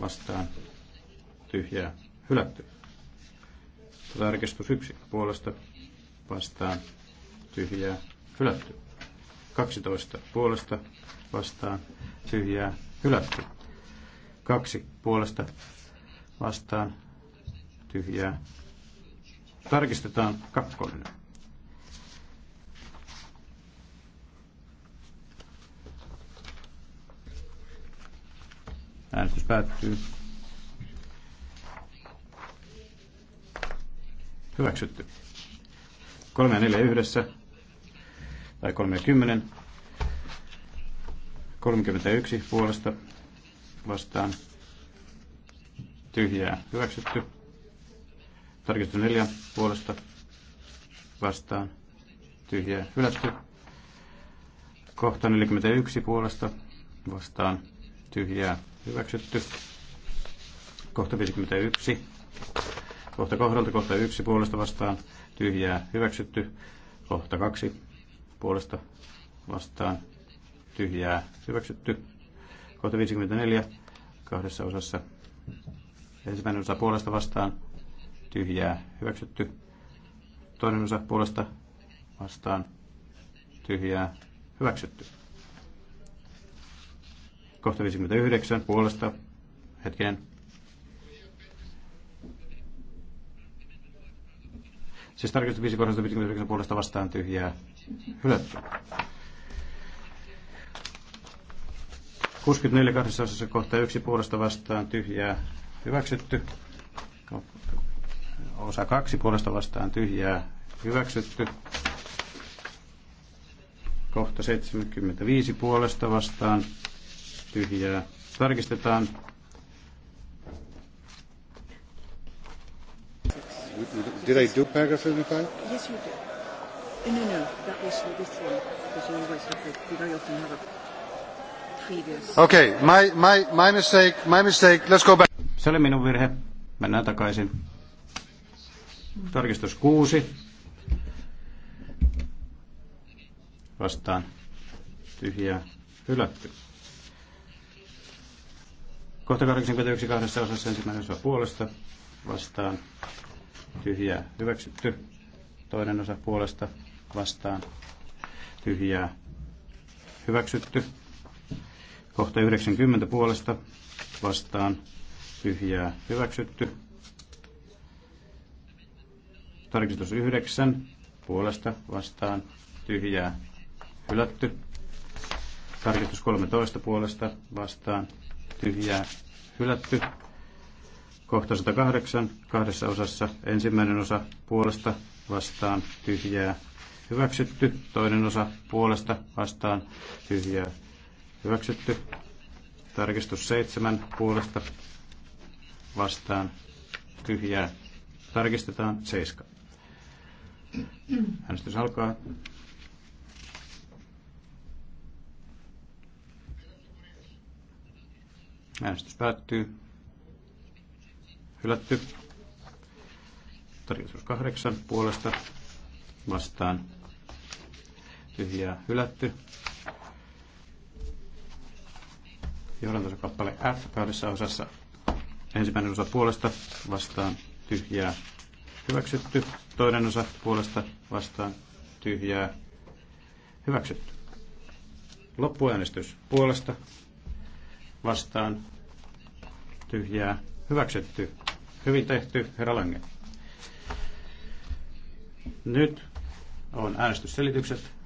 vastaan tyhjää hylätty. Tarkistus 1 puolesta vastaan tyhjää hylätty. 12 puolesta vastaan tyhjää hylätty. 2 puolesta vastaan tyhjää. Tarkistetaan kakkonen. Äänestys päättyy. Hyväksytty. 3 ja 4 yhdessä. Tai 3 ja 10. 31 puolesta vastaan. Tyhjää. Hyväksytty. Tarkistus 4 puolesta vastaan. Tyhjää. Hylätty. Kohta 41 puolesta vastaan. Tyhjää hyväksytty. Kohta 51. Kohta kohdalta kohta 1 puolesta vastaan tyhjää hyväksytty. Kohta 2 puolesta vastaan tyhjää hyväksytty. Kohta 54 kahdessa osassa. Ensimmäinen osa puolesta vastaan tyhjää hyväksytty. Toinen osa puolesta vastaan tyhjää hyväksytty. Kohta 59 puolesta. Hetkinen. Siis tarkistus 5 kohdasta 59 puolesta vastaan tyhjää. Hylätty. 64 kahdessa osassa kohta 1 puolesta vastaan tyhjää. Hyväksytty. Osa 2 puolesta vastaan tyhjää. Hyväksytty kohta 75 puolesta vastaan tyhjää. Tarkistetaan. Did I do paragraph 75? Yes, you did. No, no, no, that was this one, because you always have it. You very often have a previous... Okay, my, my, my mistake, my mistake, let's go back. Se oli minun virhe. Mennään takaisin. Tarkistus kuusi. Vastaan. Tyhjää. Hylätty. Kohta 81 kahdessa osassa ensimmäinen osa puolesta vastaan tyhjää hyväksytty. Toinen osa puolesta vastaan tyhjää hyväksytty. Kohta 90 puolesta vastaan tyhjää hyväksytty. Tarkistus 9 puolesta vastaan tyhjää hylätty. Tarkistus 13 puolesta vastaan tyhjää hylätty. Kohta 108 kahdessa osassa ensimmäinen osa puolesta vastaan tyhjää hyväksytty, toinen osa puolesta vastaan tyhjää hyväksytty. Tarkistus 7 puolesta vastaan tyhjää. Tarkistetaan 7. Äänestys alkaa. Äänestys päättyy. Hylätty. Tarkistus kahdeksan puolesta vastaan. Tyhjää hylätty. Johdantokappale F kahdessa osassa. Ensimmäinen osa puolesta vastaan tyhjää hyväksytty. Toinen osa puolesta vastaan tyhjää hyväksytty. Loppuäänestys puolesta vastaan tyhjää hyväksytty. Hyvin tehty, herra Lange. Nyt on äänestysselitykset.